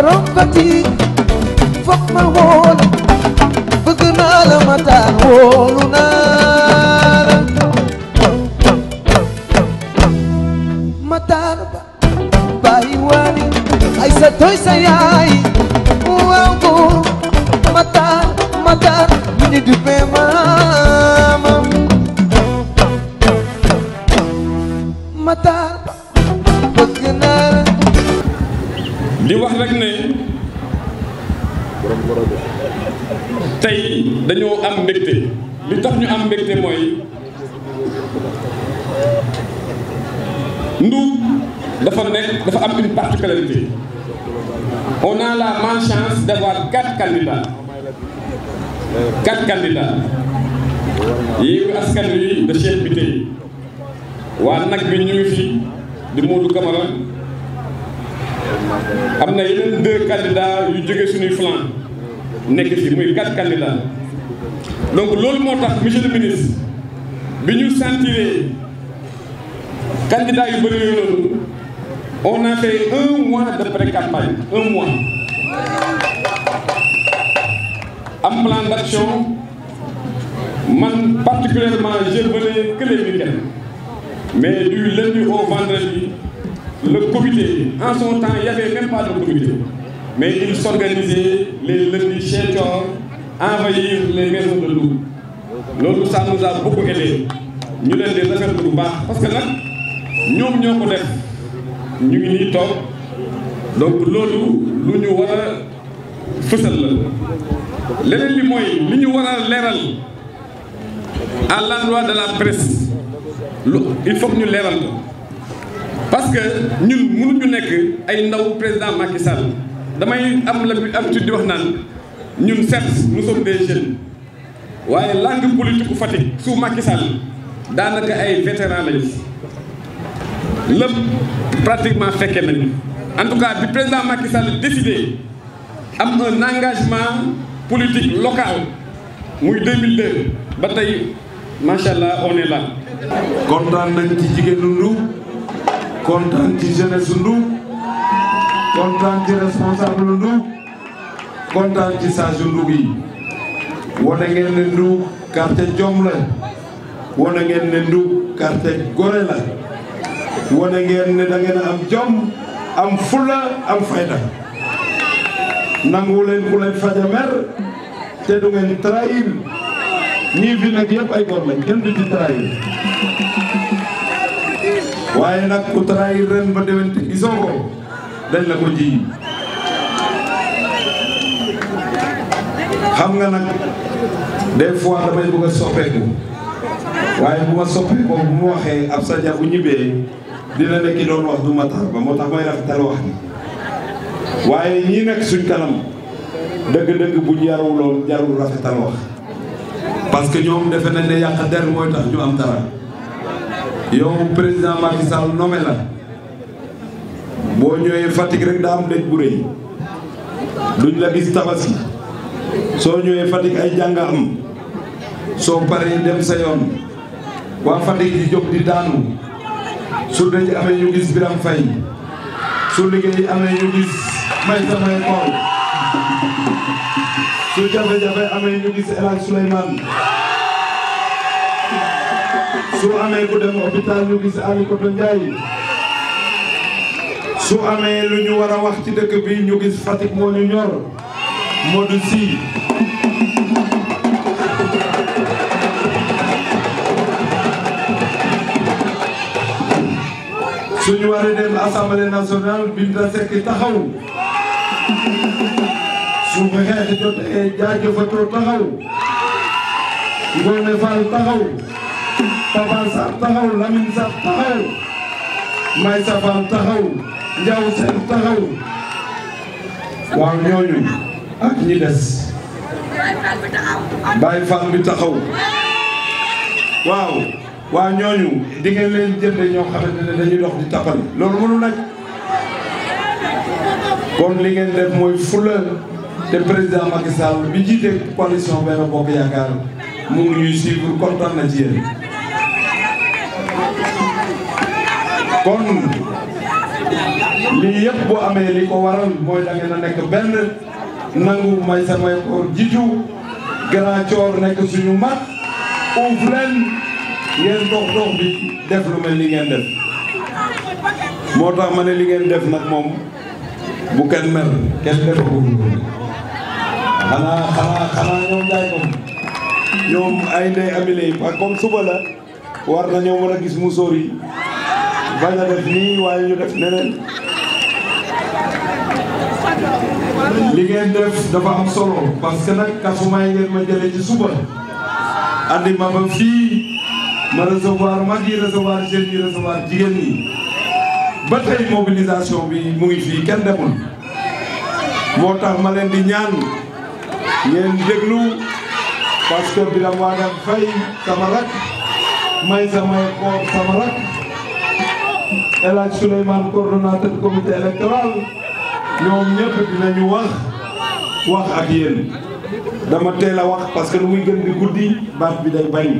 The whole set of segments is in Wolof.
ربتي فوق ما هو di wax rek ne tey dañoo am mbégte li tax ñu am mbégte mooy Ndour dafa nekk dafa am une particularité on a la malchance d'avoir quatre candidats quatre candidats Yewwi Askan Wi de Cheikh Bitèye waa nag bi ñu fi di Modou Camara am na yeneen deux candidats yu jóge suñuy flanc nekk fi muy quatre candidats donc loolu moo tax monsieur ministre bi ñu sentiree candidats yu bëri yooyu noonu on a un mois de pré un mois am plan d'action man particulièrement je venais que les week mais du lundi au vendredi la comité. En son temps, il n'y pas de comité. Mais ils s'organisaient les lundis chez Thior, envahir les maisons de loup. loolu ça nous a beaucoup ñu leen di rafetlu bu baax parce que nag ñoom ñoo ko def ñu ngi nii toog donc loolu lu ñu war fësal la leneen li mooy li ñu war a leeral à l'endroit de la presse lu il faut ñu leeral parce que ñun ñu nekk ay ndaw président Macky damay am la habitude di wax naan ñun certes nous sommes des jeunes waaye langue politique Fatick su Macky Sall daanaka ay vétéran lañu lépp pratiquement fekkee nañu en cas bi président Macky Sall décidé am un engagement politique local muy 2002 ba tey macha allah on est là. kontaan nañ ci jigéen ñi kontaan ci jeunesse Ndoup kontaan ci responsable Ndoup kontaan ci sage Ndoup yi wane ngeen ne Ndoup quartier jom la wane ngeen ne Ndoup quartier gore la wane ngeen ne da am jom am fulla am fayda nangu leen ku leen faja mer te du ngeen trahir ñii fi nag yëpp ay góor lañ kenn du ci trahir waaye nag ku trahir ren ba déwén gisoo ko dañ la ko ji xam nga nag des fois damay bëgg a soppeeku waaye bu ma soppeekoo bu ma waxee ab sadia bu ñibbee dina nekki doon wax du matar ba moo tax may rafetal wax ni waaye ñii nekk suñ kanam dëgg-dëgg bu jaruloon jarul rafetal wax parce que ñoom defe nañ ne yàq der mooy tax ñu am dara yow président Macky Sall nommé la boo ñëwee Fatick rek daa am dëj bu rëy duñ la gis tabaski soo ñëwee Fatick ay jàng am soo paree dem sa yoon waa Fatick di jóg di daanu su dëj amee ñu gis Biram Fay su liggéey amee ñu gis may samay xool su jafe-jafe amee ñu gis El Hadj su amee ku dem hôpital ñu gis Amikoto Ndiaye su amee lu ñu war a wax ci dëkk bi ñu gis Fatick moo ñu ñor Modou Sy suñu waree dem assemblée nationale Binta Seck taxaw su ma xeex jot ee eh, jaajëfatoo taxaw Ngoone Fall taxaw Papa Sarr taxaw Lamine Sarr taxaw May Safaan taxaw Njaw Seen taxaw waaw ñooñu ak bi taxaw waaw waaw ñooñu di ngeen leen jënde ñoo xamante ne dañuy dox di tappal loolu mënu kon li ngeen def mooy fula te président Macky Sall bi jiite coalition Benno Bokk Yaakaar mu ngi ñuy suivre kontaan na ci yéen kon lii yëpp bu amee li ko waral mooy da ngeen nekk benn nangu may samay koor jiitu Grand Thior nekk suñu mag uuf leen ngeen dox dox bi def lu mel li ngeen def moo tax ma ne li ngeen def nag moom bu kenn mer kenn defagul xanaa xanaa xanaa ñoom jaay ko ñoom ay ndey amile yi comme suba la war na ñoo mën a gis musóor yi bañ a def nii waaye ñu def neneen li ngeen def dafa am solo parce que nag kasu may ngeen ma jële ci suba andi ma ba fii ma recevoir mag yi recevoir jeunes yi recevoir jigéen ñi ba tey mobilisation bi mu ngi fii kenn demul moo tax ma leen di ñaan ngeen déglu parce que Birame Wadane Faye sama rakk may sama koor sama El Hadj Souleymane coordonnateur comité électoral ñoom ñëpp dinañu wax wax ak yéen dama teel a wax parce que lu muy gën di guddi baat bi day bañ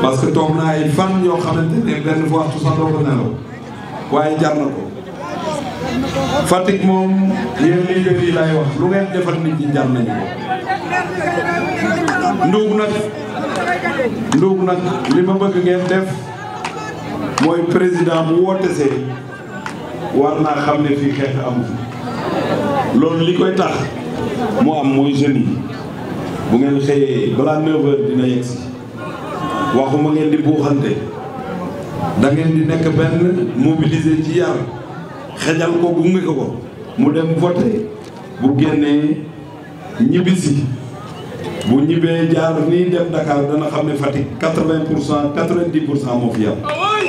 parce que toog naa ay fan yoo xamante ne benn waxtu sax doo nelaw waaye jar na ko Fatick moom yéen leader yi lay wax lu ngeen defal nit ñi jar nañu ko. Ndiob nag Ndiob nag li ma bëgg ngeen def. mooy président bu woote see war naa xam ne fii xeex amu loolu li koy tax mu am mooy jeunes yi bu ngeen xëyee balaa 9h dina yegg si waxuma ngeen di buuxante da di nekk benn mobiliser ci yar xejal ko gunge ko ko mu dem voté bu génnee ñibbisi bu ñibbee jaar nii dem Dakar dana xam ne Fatick quatre pour cent quatre pour cent moo fi yam